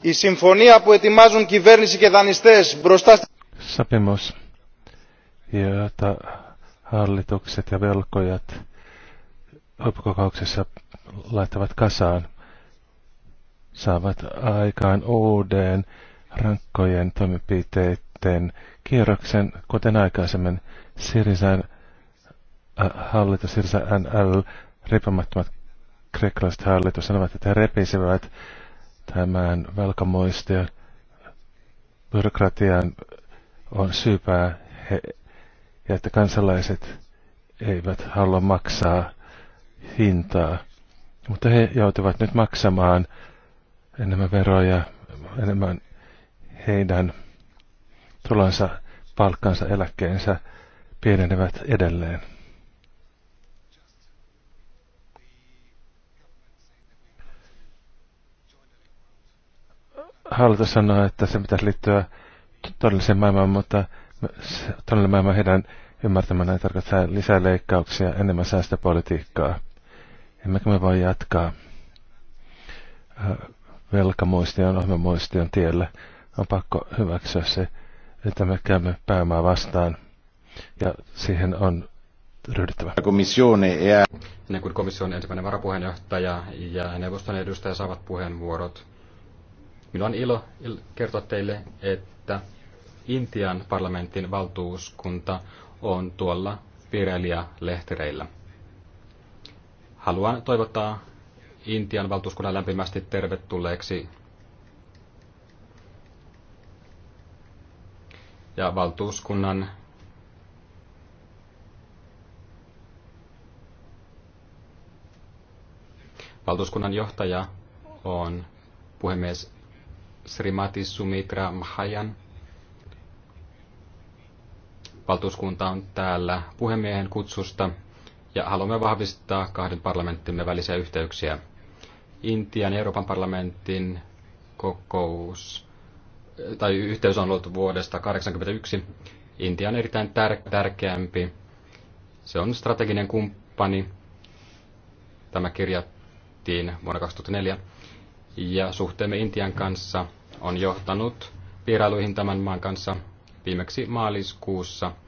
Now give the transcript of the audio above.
Η συμφωνία που ετοιμάζουν κυβέρνηση και δανειστές μπροστά στην... Sopimus, jota hallitukset ja velkojat huippukokouksessa laittavat kasaan, saavat aikaan uuden rankkojen toimenpiteiden kierroksen, kuten aikaisemmin Sirisan äh, hallitus, Sirisan NL, riippumattomat kreikkalaiset hallitus sanovat, että he repisivät tämän velkamoistia byrokratian on syypää he, ja että kansalaiset eivät halua maksaa hintaa. Mutta he joutuvat nyt maksamaan enemmän veroja, enemmän heidän tulonsa, palkkansa, eläkkeensä pienenevät edelleen. hallitus sanoo, että se pitäisi liittyä todelliseen maailmaan, mutta todellinen maailma heidän ei tarkoittaa lisää leikkauksia, enemmän säästöpolitiikkaa. Emmekä me voi jatkaa velkamuistion, ohjelmamuistion tiellä. On pakko hyväksyä se, että me käymme pääomaa vastaan ja siihen on ryhdyttävä. Ennen kuin komission ensimmäinen varapuheenjohtaja ja neuvoston edustaja saavat puheenvuorot, Minulla on ilo kertoa teille, että Intian parlamentin valtuuskunta on tuolla virelia-lehtereillä. Haluan toivottaa Intian valtuuskunnan lämpimästi tervetulleeksi ja valtuuskunnan valtuuskunnan johtaja on puhemies Srimati Sumitra Mahajan. Valtuuskunta on täällä puhemiehen kutsusta ja haluamme vahvistaa kahden parlamenttimme välisiä yhteyksiä. Intian ja Euroopan parlamentin kokous tai yhteys on ollut vuodesta 1981. Intia on erittäin tär- tärkeämpi. Se on strateginen kumppani. Tämä kirjattiin vuonna 2004 ja suhteemme Intian kanssa on johtanut vierailuihin tämän maan kanssa viimeksi maaliskuussa –